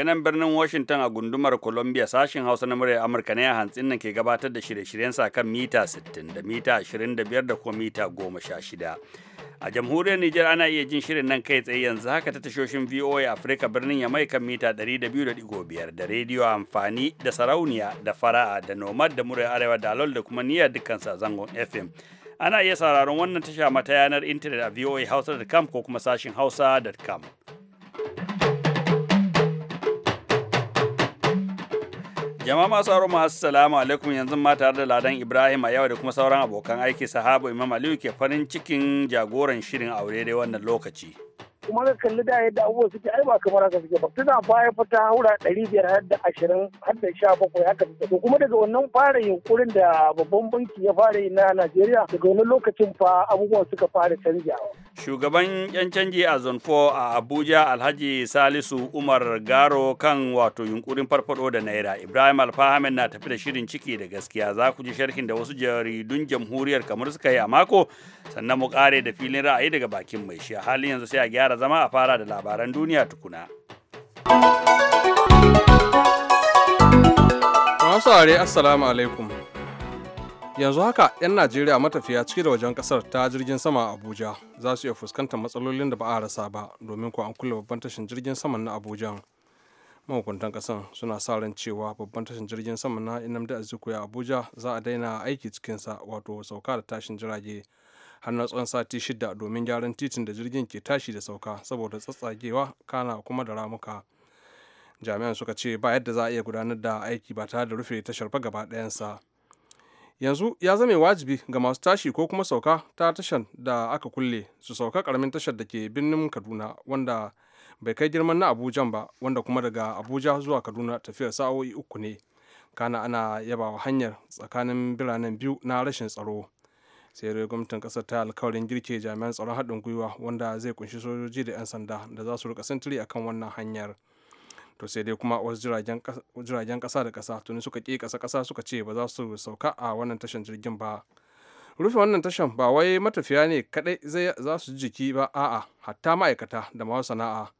Daga birnin Washington a gundumar Columbia sashen Hausa na muryar Amurka ne a hantsin nan ke gabatar da shirye-shiryen sa kan mita 60 da mita 25 da kuma mita 16. A jamhuriyar Nijar ana iya jin shirin nan kai tsaye yanzu haka ta tashoshin VOA Africa birnin ya mai kan mita 200.5 da rediyo amfani da sarauniya da fara'a da nomad da murya arewa da alol da kuma niyyar dukkan sa zangon FM. Ana iya sauraron wannan tasha mata yanar intanet a voahausa.com ko kuma sashin hausa.com. Jama'a masu haro masu salamu alaikum yanzu ma tare da Ladan Ibrahim a yau da kuma sauran abokan aiki sahabu Imam Aliyu ke farin cikin jagoran shirin aure dai wannan lokaci. kuma ka kalli da yadda abubuwa suke ai ba kamar haka suke ba tana baya fita haura ɗari biyar har da ashirin har da sha bakwai haka to kuma daga wannan fara yunkurin da babban banki ya fara yi na Najeriya daga wani lokacin fa abubuwan suka fara canjawa. Shugaban 'yan canji a Zonfo a Abuja Alhaji Salisu Umar Garo kan wato yunkurin farfado da Naira Ibrahim Alfahamin na tafi da shirin ciki da gaskiya za ku ji sharhin da wasu jaridun jamhuriyar kamar suka yi a mako sannan mu kare da filin ra'ayi daga bakin mai shi a halin yanzu sai a gyara zama a fara da labaran duniya tukuna. Masu are Assalamu alaikum. Yanzu haka 'yan Najeriya matafiya ciki da wajen kasar ta jirgin sama Abuja za su iya fuskantar matsalolin da ba a rasa ba domin ko an kula babban tashin jirgin saman na Abuja. mahukuntan kasan suna sa ran cewa babban tashin jirgin sama na inamda aziku ya abuja za a daina aiki cikinsa wato sauka da tashin jirage har na tsawon sati shida domin gyaran titin da jirgin ke tashi da sauka saboda tsatsagewa kana kuma da ramuka jami'an suka ce ba yadda za a iya gudanar da aiki ba tare da rufe tashar ba gaba ɗayansa yanzu ya zame wajibi ga masu tashi ko kuma sauka ta tashar da aka kulle su sauka karamin tashar da ke birnin kaduna wanda bai kai girman na abuja ba wanda kuma daga abuja zuwa kaduna tafiyar sa'o'i uku ne kana ana yabawa hanyar tsakanin biranen biyu na rashin tsaro sai dai gwamnatin kasar ta alkawarin girke jami'an tsaron haɗin gwiwa wanda zai kunshi sojoji da 'yan sanda da za su rika sintiri akan wannan hanyar to sai dai kuma wasu jiragen ƙasa da kasa tuni suka ƙi kasa kasa suka ce ba za su sauka a wannan tashan jirgin ba rufe wannan tashan ba wai matafiya ne kadai za su jiki ba a'a hatta ma'aikata da masu sana'a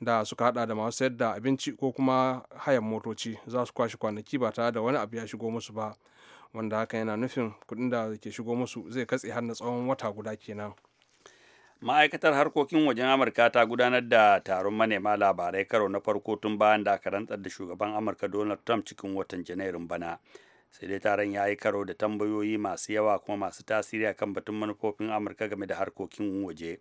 da suka hada da masu sayar da abinci ko kuma hayan motoci za su kwashe kwanaki ba tare da wani abu ya shigo musu ba wanda haka yana nufin kuɗin da ke shigo musu zai katse har na tsawon wata guda kenan ma'aikatar harkokin wajen amurka ta gudanar da taron manema labarai karo na farko tun bayan da aka rantsar da shugaban amurka donald trump cikin watan janairun bana sai dai taron ya yi karo da tambayoyi masu yawa kuma masu tasiri akan batun manufofin amurka game da harkokin waje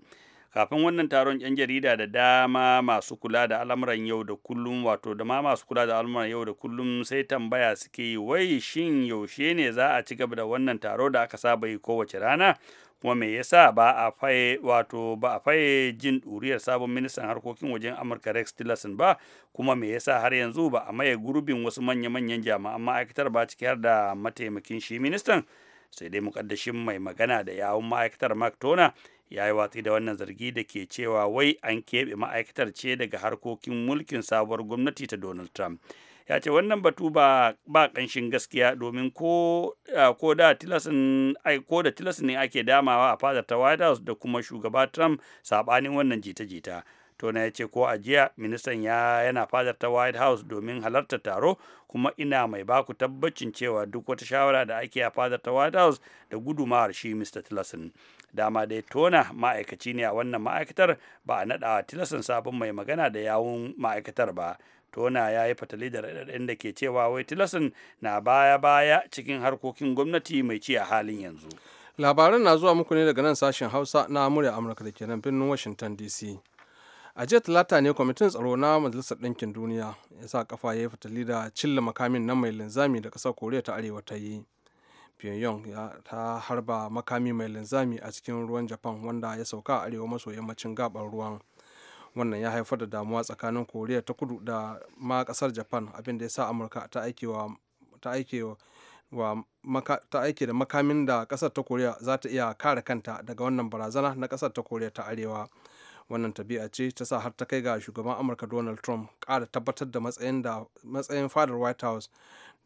kafin wannan taron yan jarida da dama masu kula da al'amuran yau da kullum wato da ma masu kula da al'amuran yau da kullum sai tambaya suke yi wai shin yaushe ne za a ci gaba da wannan taro da aka saba yi kowace rana kuma me yasa ba a faye wato ba a faye jin ɗuriyar sabon ministan harkokin wajen amurka rex tillerson ba kuma me yasa har yanzu ba a maye gurbin wasu manya-manyan jami'an ma'aikatar ba ciki har da mataimakin shi ministan sai dai mukaddashin mai magana da yawun ma'aikatar mark tona ya yi watsi da wannan zargi da ke cewa wai an keɓe ma'aikatar ce daga harkokin mulkin sabuwar gwamnati ta donald trump ya ce wannan batu ba ba ƙanshin gaskiya domin ko eh, da tilasin ko da tilasin ne ake damawa a fadar ta white house da kuma shugaba trump sabanin wannan jita-jita tona ya ce ko a jiya ministan ya yana fadar ta white house domin halartar taro kuma ina mai baku tabbacin cewa duk wata shawara da ake a fadar ta white house da gudumawar shi mr tillerson dama dai tona ma'aikaci ne a wannan ma'aikatar ba a naɗa tilasan sabon mai magana da yawun ma'aikatar ba tona ya yi fatali da raɗaɗin da ke cewa wai tilasan na baya-baya cikin harkokin gwamnati mai ci a halin yanzu labaran na zuwa muku ne daga nan sashen hausa na murya amurka da ke nan birnin washington dc a jiya talata ne kwamitin tsaro na majalisar ɗinkin duniya ya sa kafa ya yi fatali da cilla makamin na mai linzami da ƙasar koriya ta arewa ta yi pyongyang ta harba makami mai linzami a cikin ruwan japan wanda ya sauka a arewa maso yammacin gabar ruwan wannan ya haifar da damuwa tsakanin koriya ta kudu da ma kasar japan abinda ya sa amurka ta aike ta aike da makamin da kasar ta koriya za ta iya kare kanta daga wannan barazana na kasar ta koriya ta arewa wannan tabi'a ce ta sa har ta kai ga shugaban amurka donald trump kara tabbatar da matsayin fadar white house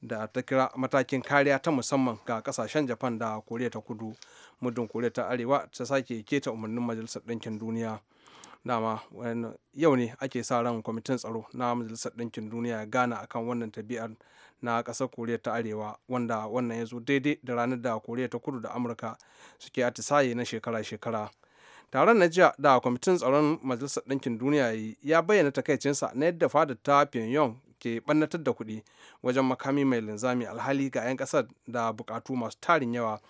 da ta kira matakin kariya ta musamman ga kasashen japan da koriya ta kudu muddin koriya ta arewa ta sake keta umarnin majalisar ɗinkin duniya dama yau ne ake sa ran kwamitin tsaro na majalisar ɗinkin duniya gana akan wannan tabi'ar na ƙasar koriya ta arewa wanda wannan ya zo daidai da ranar da koriya ta kudu da amurka suke atisaye na shekara-shekara taron na jiya da kwamitin tsaron majalisar ɗinkin duniya ya bayyana takaicinsa na yadda fada ta pyongyang ke ɓannatar da kuɗi wajen makami mai linzami alhali ga 'yan ƙasar da buƙatu masu tarin yawa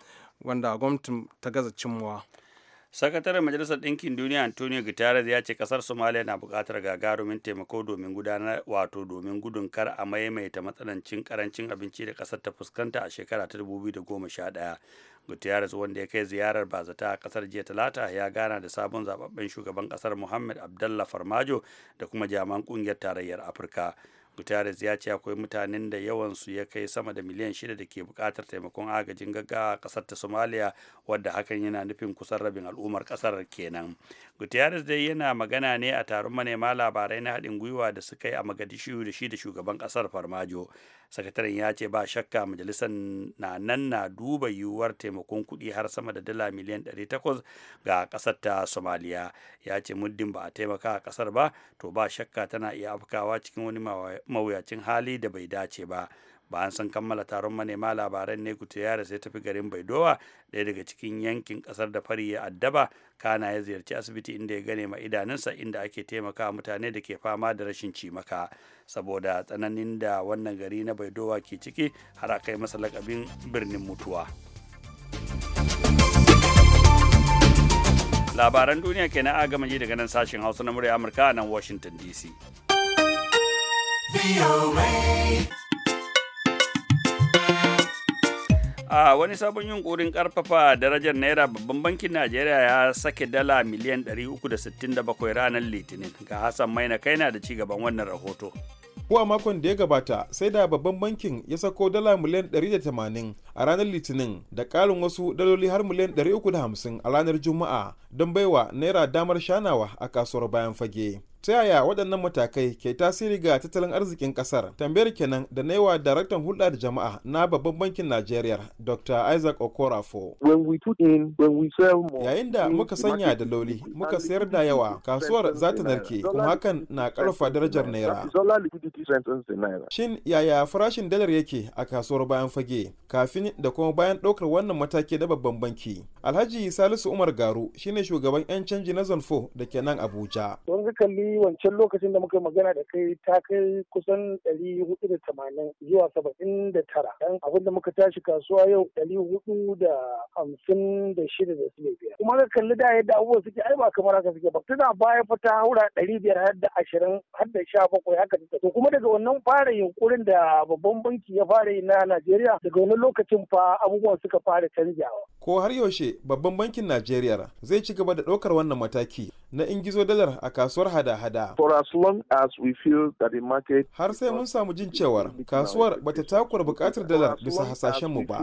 wanda gwamnatin ta gaza cimmawa. sakataren majalisar ɗinkin duniya antonio guterres ya ce ƙasar somalia na buƙatar gagarumin taimako domin gudanar wato domin gudun kar a maimaita matsanancin karancin abinci da ƙasar ta fuskanta a shekara ta 2011 guterres wanda ya kai ziyarar bazata a ƙasar jiya talata ya gana da sabon zababben shugaban ƙasar muhammad abdallah farmajo da kuma jaman ƙungiyar tarayyar afirka guterres ya ce akwai mutanen da yawansu ya kai sama da miliyan shida da ke bukatar taimakon agajin gaggawa a kasar ta somalia wadda hakan yana nufin kusan rabin al'ummar ƙasar kenan guterres dai yana magana ne a taron manema labarai na haɗin gwiwa da suka yi a magadishu da shi da shugaban ƙasar farmajo sakataren ya ce ba shakka majalisar na nan na duba yiwuwar taimakon kuɗi har sama da dala miliyan 800 ga ƙasar ta somaliya ya ce muddin ba a taimaka a ƙasar ba to ba shakka tana iya afkawa cikin wani mawuyacin hali da bai dace ba bayan sun kammala taron manema labaran ne kutiyara sai tafi garin baidowa ɗaya daga cikin yankin kasar da fari ya addaba kana ya ziyarci asibiti inda ya gane ma idanunsa inda ake taimaka mutane da ke fama da rashin cimaka saboda tsananin da wannan gari na baidowa ke ciki har kai masa lakabin birnin mutuwa labaran duniya kenan na gama ji daga nan sashen hausa na murya amurka nan washington dc a wani sabon yunkurin karfafa darajar naira babban bankin najeriya ya sake dala miliyan 367 ranar litinin ga hassan maina kai na da cigaban wannan rahoto kuwa makon da ya gabata sai da babban bankin ya sako dala miliyan 180 a ranar litinin da ƙarin wasu daloli har miliyan 350 a ranar juma'a don baiwa naira damar shanawa a kasuwar bayan fage ta yaya waɗannan matakai ke tasiri ga tattalin arzikin ƙasar tambayar kenan da na yiwa daraktan hulɗa da jama'a na babban bankin najeriya dr isaac okorafo yayin da muka sanya da loli muka sayar da yawa kasuwar za ta narke kuma hakan na ƙarfa darajar naira shin yaya farashin dalar yake a kasuwar bayan fage kafin da kuma bayan ɗaukar wannan mataki na babban banki alhaji salisu umar garu shine shugaban 'yan canji na zonfo da kenan abuja A wancan lokacin da muka magana da kai ta kai kusan ɗari zuwa saba'in tara dan abin da muka tashi kasuwa yau ɗari da hamsin da kuma ka kalli da yadda abubuwa suke ai ba kamar haka suke ba tana baya fa ta haura ɗari biyar har da ashirin har da sha haka ta to kuma daga wannan fara yunkurin da babban banki ya fara yi na Najeriya daga wani lokacin fa abubuwan suka fara canjawa. Ko har yaushe babban bankin Najeriya zai ci gaba da ɗaukar wannan mataki na ingizo dalar a kasuwar hada hada-hada. Har sai mun samu jin cewar kasuwar bata takura bukatar dalar bisa hasashen mu ba.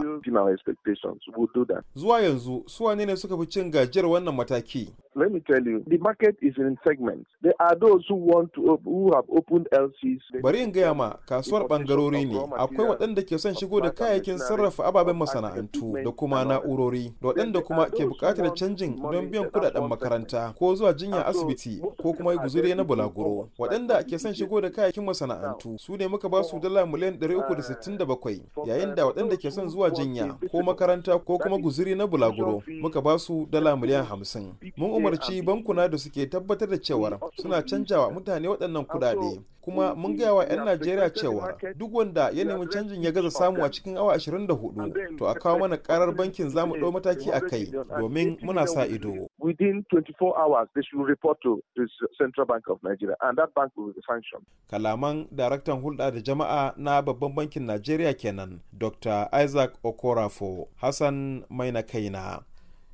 Zuwa yanzu su ne suka fi cin gajiyar wannan mataki? Let me tell you, the market is in segments. There are those who want to who have opened LCs. Bari in gaya ma kasuwar bangarori ne. Akwai waɗanda ke son shigo da kayayyakin sarrafa ababen masana'antu da kuma na'urori, da waɗanda kuma ke buƙatar canjin don biyan kuɗaɗen makaranta ko zuwa jinya asibiti ko kuma guzuri na bulaguro. Waɗanda ke son shigo da kayayyakin masana'antu su ne muka ba su dala miliyan ɗari uku da uh, da sittin bakwai yayin uh, da waɗanda ke son zuwa jinya ko makaranta ko kuma guzuri na bulaguro muka ba su dala miliyan hamsin Mun umarci bankuna da suke tabbatar da cewar suna canjawa mutane waɗannan kuɗaɗe kuma mun gaya wa 'yan najeriya cewa duk wanda ya nemi canjin ya gaza samu a cikin awa 24 to a kawo mana karar bankin za mu mataki a kai domin muna sa ido Kalaman daraktan hulɗa da jama'a na babban bankin Najeriya kenan Dr. Isaac Okorafo Hassan Maina Kaina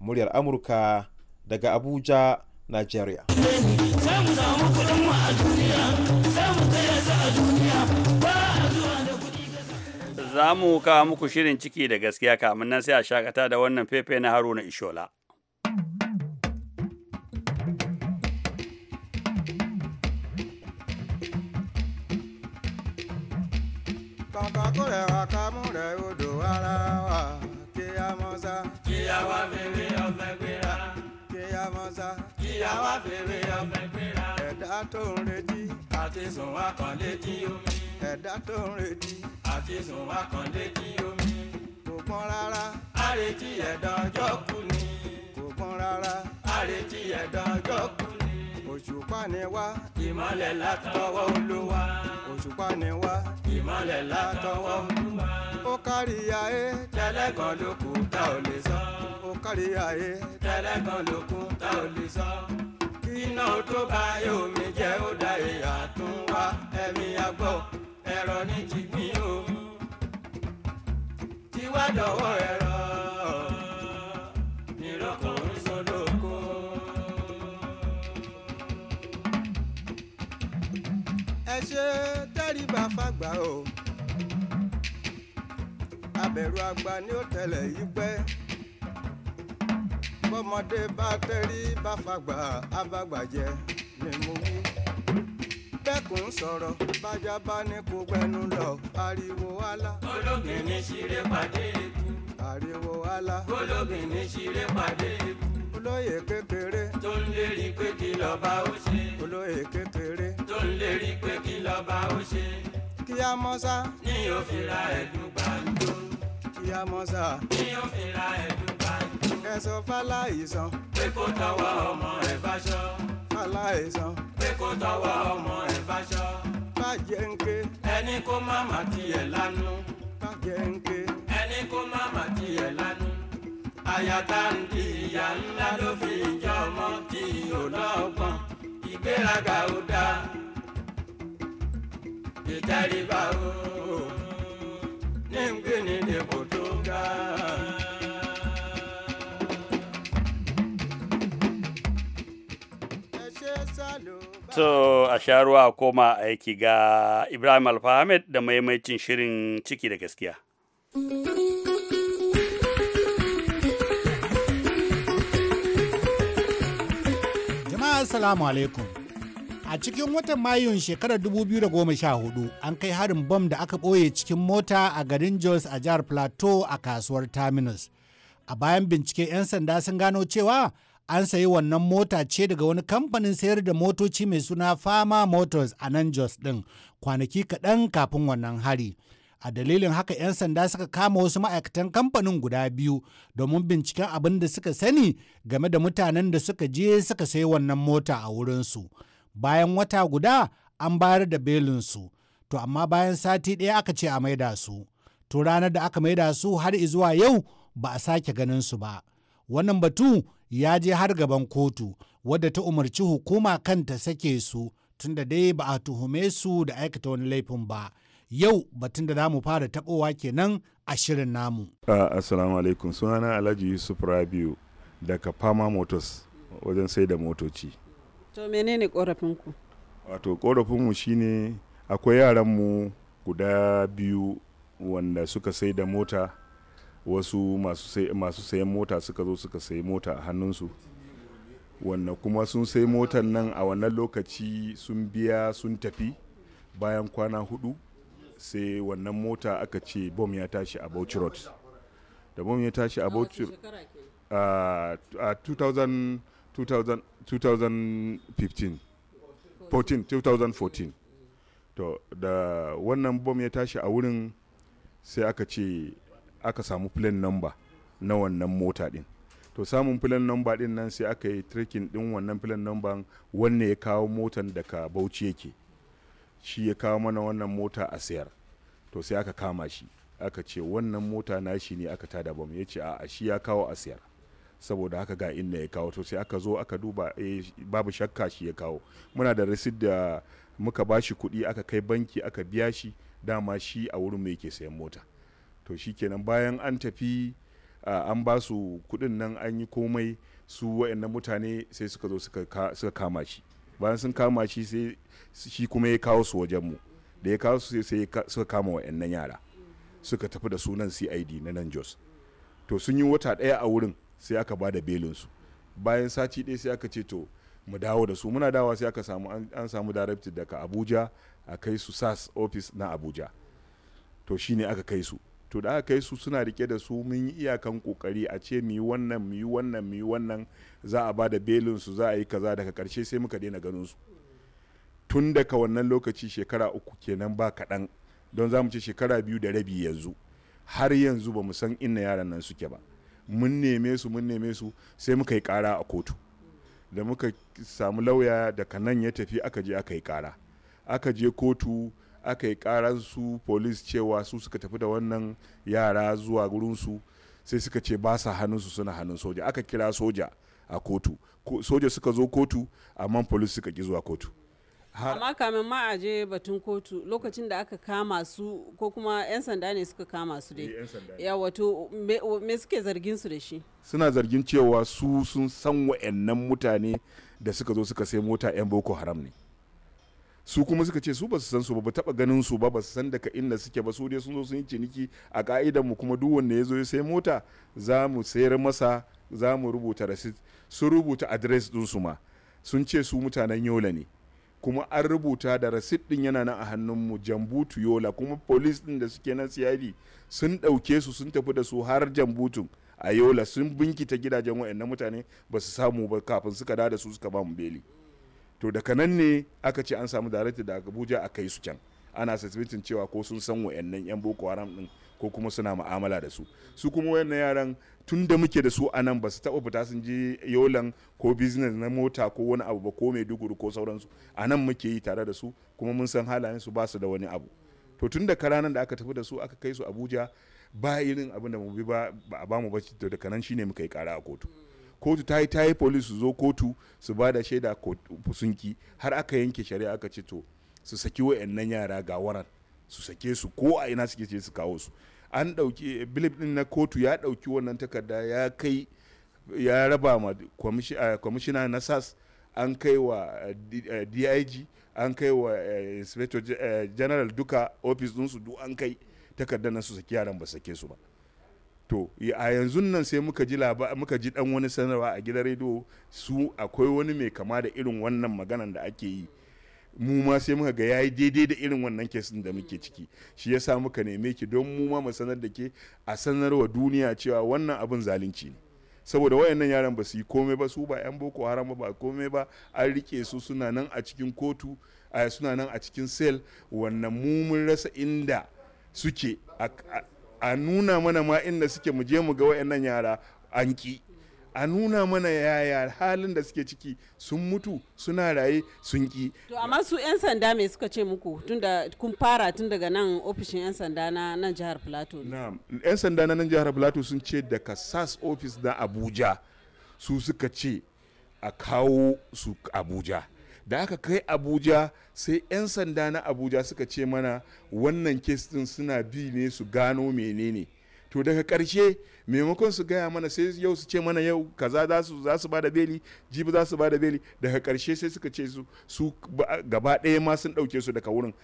muryar Amurka daga Abuja, Nigeria. Za mu kawo muku shirin ciki da gaskiya kamun nan sai a shakata da wannan fefe na Haruna Ishola. Kàkà kúrẹ̀ wá ká odò wa kí a mọ́ Kí a wá sá. kíyà wá fèrè ọmọ ìgbéra. ẹ̀dá tó ń retí. àti sùn wá kàn létí omi. ẹ̀dá tó ń retí. àti sùn wá kàn létí omi. kò pọn rárá. a retí ẹ̀dá ọjọ́ kú ni. kò pọn rárá. a retí ẹ̀dá ọjọ́ kú ni. òṣùpá ni wá. ìmọ̀lẹ̀ látọwọ́ Olúwa. òṣùpá ni wá. ìmọ̀lẹ̀ látọwọ́ Olúwa. ó kárí ayé. tẹ́lẹ̀ kan ló kù tá ò lè sọ òkun kárí ayé. tẹ́lẹ̀kan lòkun tá ò lè sọ. kí iná tó bá omi jẹ́ ó da ìyá tó ń wá ẹ̀mí àgbọ̀ ẹ̀rọ ní ti gbìn o. tiwa dọ̀wọ́ ẹ̀rọ ṣe tẹ́rìbà fàgbà o abẹ̀rù àgbà ni ó tẹ̀lẹ̀ yí pẹ́ bọ́mọdé bá tẹrí bá fagbà abágbàjẹ ni mo wí. bẹ́kùn sọ̀rọ̀ bájá bá ní kó gbẹnu lọ ariwo ala. ológin ní ṣeré pàdé ikú. ariwo ala. ológin ní ṣeré pàdé ikú. olóyè kékeré. tó ń lérí pé kí lọ́ba ó ṣe. olóyè kékeré. tó ń lérí pé kí lọ́ba ó ṣe. kí a mọ́ sá. ní òfin ra ẹ̀dùn gbàǹjo kí a mọ̀ sá. kí ó fi ra ẹ̀dùn báyìí. kẹsàn fàlàìsàn. pé kó tọwọ́ ọmọ ẹ̀ bá ṣọ́. fàlàìsàn. pé kó tọwọ́ ọmọ ẹ̀ bá ṣọ́. bàjẹ́ ń ké. ẹni kó má má tiẹ̀ lánú. bàjẹ́ ń ké. ẹni kó má má tiẹ̀ lánú. àyàtà ń di ìyá ńlá ló fi ìjọ ọmọ tí ò lọ́gbọ̀n. ìgbéraga ò dáa. ìtẹríba o. nimgini ne To a sharuwa koma aiki ga Ibrahim Alfahamed da maimaicin shirin ciki da gaskiya. Jama'a Assalamu alaikum. A cikin watan Mayun shekarar 2014 an kai harin bom da aka ɓoye cikin mota a garin Jos a jihar Plateau a kasuwar Terminus. A bayan bincike 'yan sanda sun gano cewa an sayi wannan mota ce daga wani kamfanin sayar da motoci mai suna Fama Motors a nan Jos ɗin kwanaki kaɗan kafin wannan hari. a dalilin haka 'yan sanda suka kama wasu ma'aikatan kamfanin guda biyu domin binciken abin da suka sani game da mutanen da suka je suka sayi wannan mota a wurinsu bayan wata guda an bayar da belinsu to amma bayan sati ɗaya aka ce a maida su to ranar da aka maida su har zuwa yau ba a sake ganin su ba wannan batu ya je har gaban kotu wadda ta umarci hukuma kanta sake su tunda dai ba a tuhume su da aikata wani laifin ba yau batun da zamu fara tabowa kenan a shirin namu assalamu alaikum sunana alhaji yusuf rabiu daga fama motors wajen sai da motoci to menene korafinku wato korafinmu shine akwai yaranmu guda biyu wanda suka sai da mota wasu masu sayan mota suka zo suka sayi mota a hannunsu wanda kuma sun sai motar nan a wannan lokaci sun biya sun tafi bayan kwana hudu sai wannan mota aka ce bom ya tashi a Bauchi Road da bom ya tashi a Bauchi a 2000 2014 to da wannan bom ya tashi a wurin sai aka ce aka samu plan number na wannan mota din to samun filan number din nan sai aka yi trekking din wannan filan number wanne ya kawo motan daga bauchi yake shi ya kawo mana wannan mota a sayar to sai aka kama shi aka ce wannan mota na shi ne aka tada bom ya ce a shi ya kawo a sayar saboda haka ga inna ya kawo to sai aka zo aka duba eh, babu shakka shi ya kawo muna da rasid da muka bashi kuɗi aka kai banki aka biya shi dama shi a wurin mai ke sayan mota to shi kenan bayan an tafi an ba su kuɗin nan an yi komai su waɗannan mutane sai suka zo suka kama shi bayan sun kama shi sai shi kuma ya kawo su wajen mu da ya kawo su sai suka kama waɗannan yara suka tafi da sunan cid na nan jos to sun yi wata ɗaya a wurin sai aka ba da belinsu bayan sati ɗaya sai aka ce to mu dawo da su muna dawa sai aka samu an samu directive daga abuja a kai su sas office na abuja to shine aka kai su to da aka kai su suna rike da su mun yi iyakan kokari a ce mu yi wannan mu yi wannan mu yi wannan za a ba da belin za a yi kaza daga karshe sai muka daina ganin su tun daga wannan lokaci shekara uku kenan ba kaɗan don za mu ce shekara biyu da rabi yanzu har yanzu ba mu san inna yaran nan suke ba mun neme su mun neme su sai muka yi kara a kotu da muka samu lauya daga nan ya tafi aka je aka yi kara aka je kotu aka yi karan su polis cewa su suka tafi da wannan yara zuwa gurinsu sai suka ce ba sa hannunsu suna hannun soja aka kira soja a kotu soja suka zo kotu amma polis suka ki zuwa kotu amma kamin ma a je batun kotu lokacin da aka kama su ko kuma 'yan sanda ne suka kama su dai eh, ya wato me suke zargin su da shi suna zargin cewa su sun san wa'annan mutane da suka zo suka sai mota 'yan boko haram ne su kuma suka ce su ba su san su ba ba taba ganin su ba ba su san daga inda suke ba su dai sun zo sun yi ciniki a ka'idan mu kuma duk wanda ya zo ya sai mota za mu sayar masa za mu rubuta rasit sun rubuta adres din su ma sun ce su mutanen yola ne kuma an rubuta da rasit din yana nan a hannunmu jambutu yola kuma polis din da suke nan siyari sun ɗauke su sun tafi da su har jambutun a yola sun binkita gidajen na mutane ba su samu ba kafin suka da su suka ba mu beli to daga nan ne aka ce an samu darakta da abuja a kai su can ana sasbitin cewa ko sun san waɗannan yan boko haram din ko kuma suna mu'amala da su su kuma wayannan yaran tun da muke da su a nan ba su taɓa fita sun je yolan ko business na mota ko wani abu ba ko mai duguru ko sauransu a nan muke yi tare da su kuma mun san halayen su ba su da wani abu to tun da karanan da aka tafi da su aka kai su abuja ba irin abin da mu bi ba a bamu ba to daga nan shine muka yi kara a kotu kotu ta yi ta yi police su zo kotu su ba da shaida sunki har aka yanke shari'a aka ce to su saki wayannan yara ga waran su sake su ko a ina suke ce su kawo su an ɗauki bilip ɗin na kotu ya ɗauki wannan takarda ya kai ya raba ma kwamishina eh, na sas an kai wa eh, dig eh, an kai wa inspector general duka ofis dinsu duk an kai takarda na su saki yaran ba sake su ba to a yanzu nan sai muka ji muka ji dan wani sanarwa a gidan rediyo su akwai wani mai kama da irin wannan maganan da ake yi mu ma sai muka ga yayi daidai da irin wannan kesin da muke ciki shi yasa muka neme ki don mu ma mu sanar da ke a sanarwa duniya cewa wannan abin zalunci ne saboda wayannan yaran ba su yi komai ba su ba yan boko haram ba komai ba an rike su suna nan a cikin kotu a suna nan a cikin sel wannan mu mun rasa inda suke a nuna mana ma inda suke mu je mu ga wayannan yara an ki a nuna mana yaya halin da suke ciki sun mutu suna raye sun ki to amma su yan sanda me suka ce muku tunda kun fara tun daga nan ofishin yan sanda na nan jihar plateau na'am yan sanda na nan jihar plateau sun ce daga sas office na abuja su suka ce a kawo su abuja da aka kai abuja sai 'yan sanda na abuja suka ce mana wannan kes din suna bi ne su gano menene to daga karshe maimakon su gaya mana sai yau su ce mana yau kaza za su za su bada beli jibi za su bada beli daga karshe sai suka ce su su gaba ɗaya ma sun ɗauke su daga wurin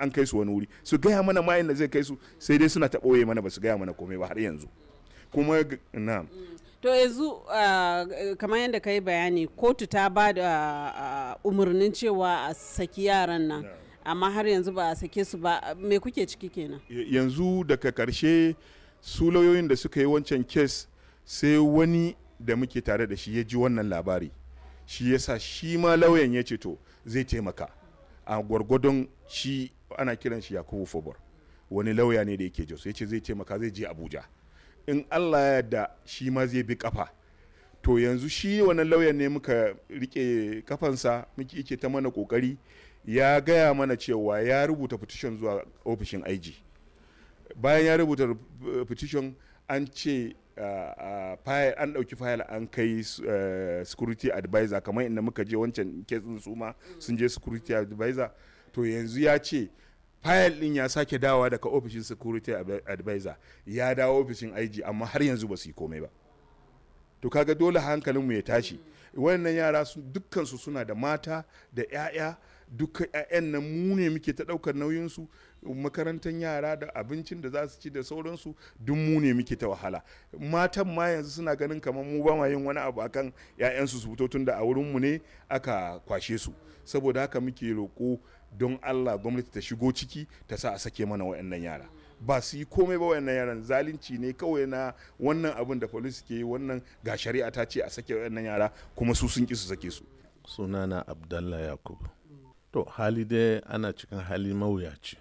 an kai su wani wuri su gaya mana ma inda zai kai su sai dai suna ta ɓoye mana ba su gaya mana komai ba har yanzu kuma na to yanzu ah, kamar yadda ka yi bayani kotu ta ba da ah, umarnin cewa a saki yaran nan amma har yanzu ba a sake su ba me kuke ciki kenan yanzu daga karshe su lauyoyin da suka yi wancan kes sai wani da muke tare da shi ya ji wannan labari shi yasa shi ma lauyan ya ce to zai taimaka a gwargwadon shi ana kiran shi yakubu fobar wani lauya ne da yake jos ya ce zai taimaka zai je abuja in allah ya da shi ma zai bi kafa to yanzu shi wannan lauyan ne muka rike kafansa muke ta mana kokari ya gaya mana cewa ya rubuta petition zuwa ofishin IG bayan ya rubuta eh, petition an ce ah, ah, an ɗauki file an kai eh, security advisor kamar inda muka je wancan kesin su ma sun je security advisor to yanzu ya ce file din ya sake dawa daga ofishin security advisor ya dawo ofishin IG amma har yanzu ba su yi komai ba to kaga dole hankalinmu ya tashi wannan yara dukkansu suna da mata da 'ya'ya duka 'ya'yan nan mu ne muke ta ɗaukar nauyinsu makarantar yara da abincin da za su ci da sauransu duk mu ne muke ta wahala matan ma yanzu suna ganin kamar mu ba ma yin wani abu akan 'ya'yansu su fito tun da a wurinmu ne aka kwashe su saboda haka muke roƙo don allah gwamnati ta shigo ciki ta sa a sake mana waɗannan yara ba su yi komai ba wayannan yaran zalunci ne kawai na wannan abin da polis ke yi wannan ga shari'a ta ce a sake wayannan yara kuma su sun ki su sake su sunana abdallah yakubu to hali dai ana cikin hali mawuyaci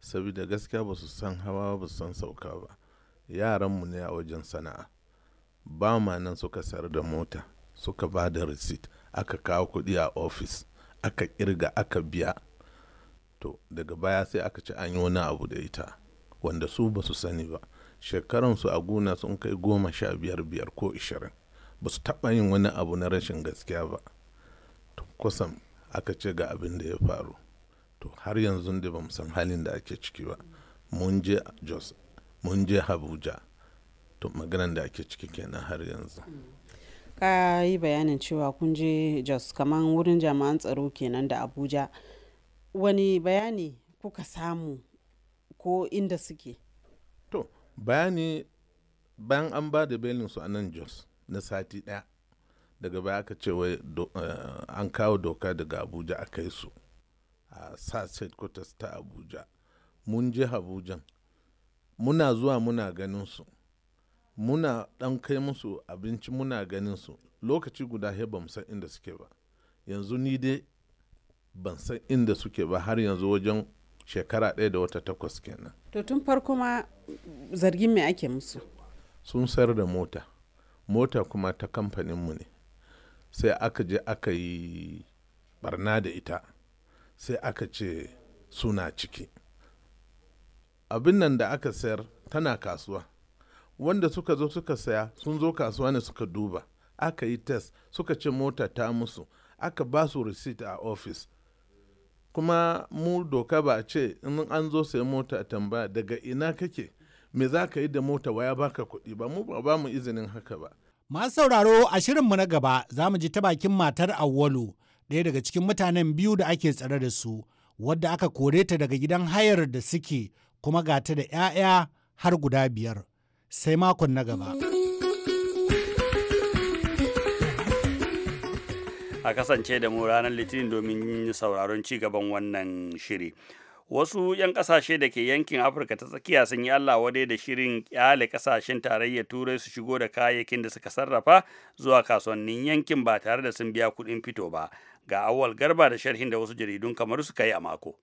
saboda gaskiya ba su san hawa ba su san sauka ba yaranmu ne a wajen sana'a ba ma nan suka sayar da mota suka ba da receipt aka kawo kuɗi a ofis aka kirga aka biya to daga baya sai aka ci an yi wani abu da ita wanda su ba su sani ba shekaransu a guna sun kai goma sha biyar biyar ko ishirin ba su taɓa yin wani abu na rashin gaskiya ba kusan aka ce ga abin da ya faru to har yanzu da bamu san halin da ake ciki ba mun je jos mun je abuja to maganan da ake ciki kenan har yanzu ka yi bayanin cewa kun je jos kamar wurin jami'an tsaro kenan da abuja wani bayani kuka samu ko inda suke to bayani bayan an ba da belin su a nan jos na sati ɗaya daga baya aka ce wai eh, an kawo doka daga abuja a kai su a sas headquarters ta abuja mun je abuja muna zuwa muna ganin su muna dan kai musu abinci muna ganin su lokaci guda he ban san inda suke ba yanzu ni dai ban san inda suke ba har yanzu wajen shekara ɗaya da wata takwas kenan to tun farko ma zargin me ake musu sun sayar da mota mota kuma ta kamfaninmu ne sai aka je aka yi barna da ita sai aka ce suna ciki abin nan da aka sayar tana kasuwa wanda suka zo suka saya sun zo kasuwa ne suka duba aka yi test suka ce mota ta musu aka ba su receipt a ofis kuma mu doka ba ce in an zo sai mota tambaya daga ina kake me za ka yi da mota waya baka kuɗi ba mu ba mu izinin haka ba Masu sauraro a shirinmu na gaba za mu ji ta bakin matar Awwalu ɗaya daga cikin mutanen biyu da ake tsare da su wadda aka kore ta daga gidan hayar da suke kuma gata da 'ya'ya har guda biyar sai makon na gaba. A kasance da mu ranar Litinin domin sauraron ci gaban wannan shiri. wasu 'yan kasashe da ke yankin afirka ta tsakiya sun yi allah wadai da shirin kyale kasashen tarayyar turai su shigo da kayayyakin da suka sarrafa zuwa kasuwannin yankin ba tare da sun biya kuɗin fito ba ga awal garba da sharhin da wasu jaridun kamar suka yi a mako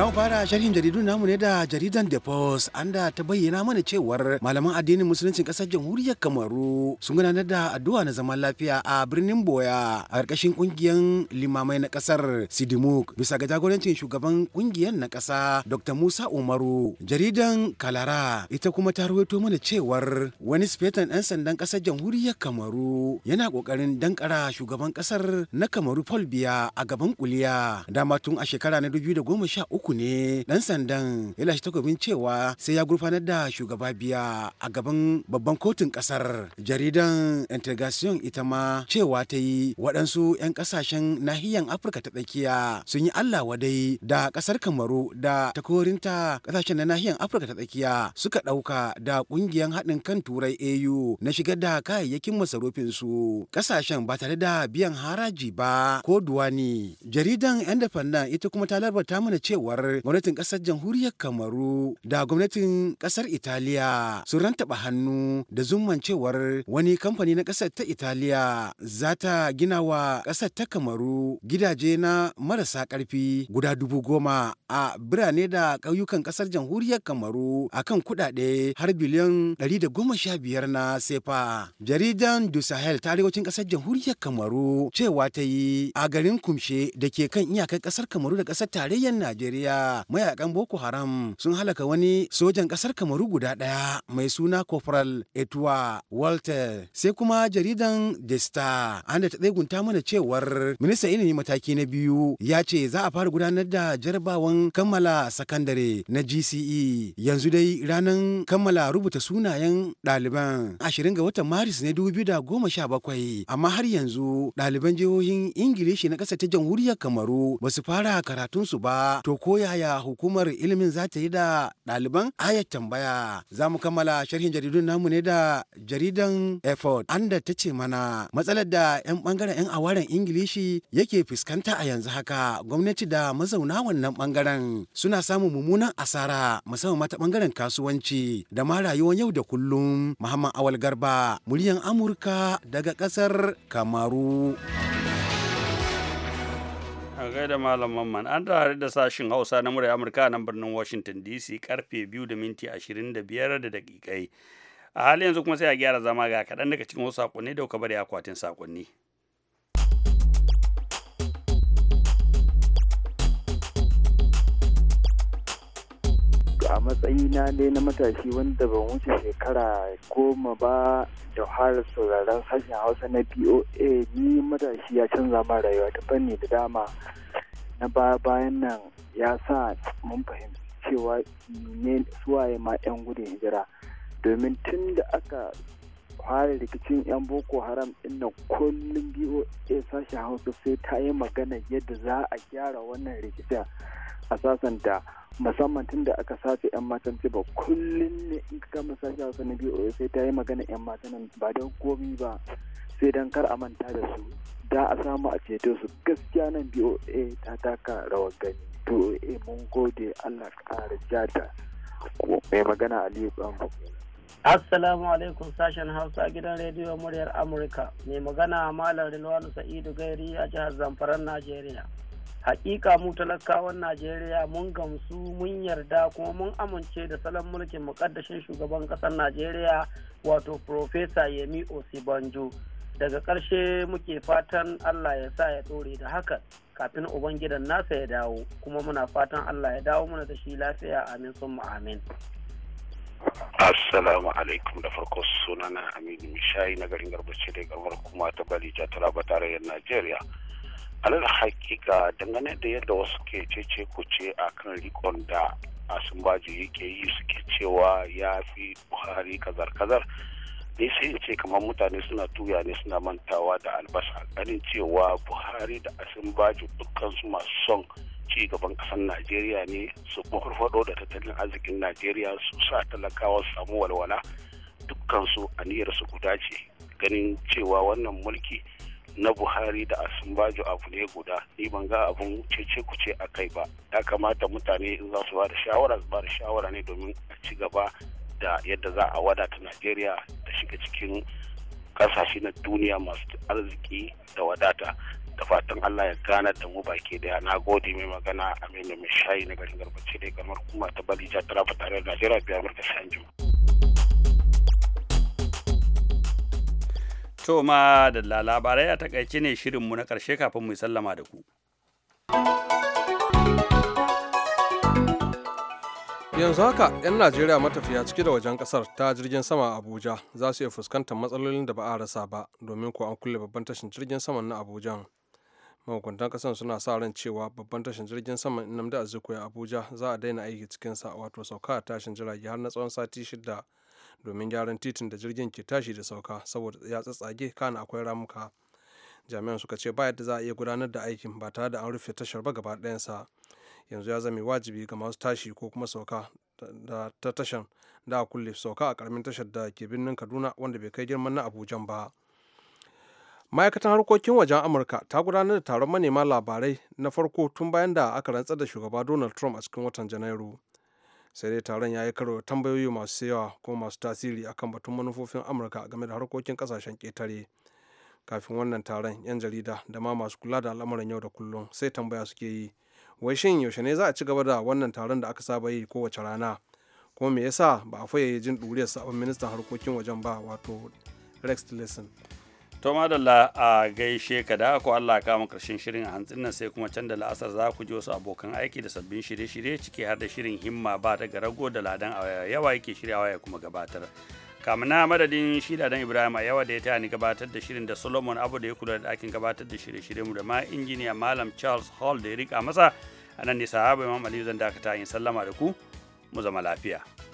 Za mu fara sharhin jaridu namu ne da jaridan The Post an da ta bayyana mana cewar malaman addinin musuluncin kasar jamhuriyar Kamaru sun gudanar da addu'a na zaman lafiya a birnin Boya a ƙarƙashin ƙungiyar limamai na ƙasar Sidimuk bisa ga jagorancin shugaban ƙungiyar na ƙasa Dr. Musa Umaru. Jaridan Kalara ita kuma ta rawaito mana cewar wani sifetan ɗan sandan ƙasar jamhuriyar Kamaru yana ƙoƙarin dankara shugaban ƙasar na Kamaru Paul Biya a gaban kuliya dama tun a shekara na 2013 uku ne dan sandan ya lashe takobin cewa sai ya gurfanar da shugaba biya a gaban babban kotun kasar jaridan integration ita ma cewa ta yi waɗansu 'yan ƙasashen nahiyan afirka ta tsakiya sun yi allah wadai da ƙasar kamaru da takorinta kasashen na nahiyan afirka ta tsakiya suka ɗauka da ƙungiyar haɗin kan turai au na shigar da kayayyakin masarufinsu ƙasashen ba tare da biyan haraji ba ko duwani jaridan independent ita kuma ta larbata mana cewa cewar gwamnatin ƙasar jamhuriyar Kamaru da gwamnatin ƙasar Italiya sun rantaba hannu da zumancewar wani kamfani na ƙasar ta Italiya za ta gina wa ƙasar ta Kamaru gidaje na marasa ƙarfi guda dubu goma a birane da ƙauyukan ƙasar jamhuriyar Kamaru a kan kuɗaɗe har biliyan ɗari da goma sha biyar na sefa. Jaridan Du Sahel ta arewacin ƙasar jamhuriyar Kamaru cewa ta yi a garin Kumshe da ke kan iyakar ƙasar Kamaru da ƙasar tarayyar Najeriya. Najeriya mayakan Boko Haram sun halaka wani sojan ƙasar Kamaru guda ɗaya mai suna Corporal Etuwa Walter sai kuma jaridan The Star an da ta tsegunta mana cewar minista ilimi mataki na biyu ya ce za a fara gudanar da jarabawan kammala sakandare na GCE yanzu dai ranar kammala rubuta sunayen ɗaliban ashirin ga watan Maris ne bakwai amma har yanzu ɗaliban jihohin Ingilishi na ƙasa ta jamhuriyar Kamaru ba su fara karatunsu ba to ko ko yaya hukumar ilimin za ta yi da ɗaliban ayat tambaya za mu kammala sharhin jaridun namu ne da jaridan effort anda ta ce mana matsalar da 'yan bangaren 'yan awaren ingilishi yake fuskanta a yanzu haka gwamnati da mazauna wannan bangaren suna samun mummunan asara musamman mata bangaren kasuwanci da ma rayuwar yau da kullum muhammad awal garba muryan amurka daga kasar kamaru. a gaida malam mamman an tare da sashin hausa na murai amurka nan birnin washington dc karfe biyu da minti ashirin da biyar a halin yanzu kuma sai a gyara zama ga kaɗan daga cikin wasu saƙonni da kuka bari akwatin saƙonni. a matsayina dai na matashi wanda ban wuce shekara goma ba da har sauraron sashen hausa na boa ni matashi ya canza ma rayuwa ta fanni da dama na baya bayan nan ya sa mun fahimci cewa ne suwaye ma 'yan gudun hijira domin tun da aka fara rikicin 'yan boko haram ɗin kullum boa sashen hausa sai ta yi magana yadda za a gyara wannan rikicin a sasanta musamman tun da aka sace 'yan matan ba kullum ne in ka kama sashi a na biyu sai ta yi magana 'yan matan ba don komi ba sai don kar a manta da su da a samu a ceto su gaskiya nan boa ta taka rawar gani boa mun gode allah kara jata mai magana aliyu ɓanfu Assalamu alaikum sashen Hausa gidan rediyo muryar Amurka. Mai magana Malam Rilwanu Sa'idu Gairi a jihar zamfara Najeriya. hakika mu talakawan najeriya mun gamsu mun yarda kuma mun amince da salon mulkin mukaddashin shugaban kasar najeriya wato profesa yemi osibanjo daga ƙarshe muke fatan allah ya sa ya dore da haka kafin ubangidan nasa ya dawo kuma muna fatan allah ya dawo muna da shi lafiya amin sun amin assalamu alaikum da farko sunana aminu mishayi na garin garbace da garwar kuma ta balija taraba tarayyar najeriya alal hakika dangane da yadda wasu ke cece kuce a kan rikon da asimbaji yake yi suke cewa ya fi buhari kazar-kazar ne sai in ce kamar mutane suna tuya ne suna mantawa da albasa ganin cewa buhari da asimbaji su masu son ci gaban kasar najeriya ne su farfado da tattalin arzikin najeriya su sa talakawa su samu walwala dukkansu su guda ce ganin cewa wannan mulki na buhari da asumbajo abu ne guda ni ban ga abun cece ku a kai ba ya kamata mutane in za su ba shawara su ba shawara ne domin a ci gaba da yadda za a wadata najeriya ta shiga cikin kasashe na duniya masu arziki da wadata da fatan allah ya gana da mu baki daya na gode mai magana aminu mai shayi na garin garbace da kamar kuma ta balija ba tare da najeriya biyar shan juma. To ma da labarai a takaice ne shirin mu na ƙarshe kafin mu sallama da ku. Yanzu haka 'yan Najeriya matafiya ciki da wajen kasar ta jirgin sama a Abuja za su iya fuskantar matsalolin da ba a rasa ba domin ko an kulle babban tashin jirgin saman na Abuja. Mahukuntan kasan suna sa ran cewa babban tashin jirgin saman Nnamdi Azikiwe a Abuja za a daina aiki cikinsa wato sauka a tashin jirage har na tsawon sati shida domin gyaran titin da jirgin ke tashi da sauka saboda ya tsatsage kana akwai ramuka jami'an suka ce ba yadda za a iya gudanar da aikin ba tare da an rufe tashar ba gaba ɗayansa yanzu ya zame wajibi ga masu tashi ko kuma sauka da ta tashar da a kulle sauka a karamin tashar da ke birnin kaduna wanda bai kai girman na abujan ba ma'aikatan harkokin wajen amurka ta gudanar da taron manema labarai na farko tun bayan da aka rantsar da shugaba donald trump a cikin watan janairu sai dai taron ya yi karo tambayoyi masu yawa ko masu tasiri akan batun manufofin amurka game da harkokin kasashen ketare kafin wannan taron yan jarida da ma masu kula da al'amuran yau da kullum sai tambaya suke yi wai shin yaushe ne za a ci gaba da wannan taron da aka saba yi kowace rana kuma me yasa ba a faye jin ɗuriyar sabon ministan harkokin wajen ba wato rex tillerson to madalla a gaishe ka da ku Allah ka mu karshen shirin a hantsin nan sai kuma can da la'asar za ku ji wasu abokan aiki da sabbin shirye-shirye ciki har da shirin himma ba ta rago da ladan a yawa yake shiryawa ya kuma gabatar kamuna na madadin shi dan ibrahim a yawa da ya taya ni gabatar da shirin da solomon abu da ya kula da dakin gabatar da shirye-shirye mu da ma injiniya malam charles hall da ya rika masa a nan ne sahaba imam aliyu zan dakata yin sallama da ku mu zama lafiya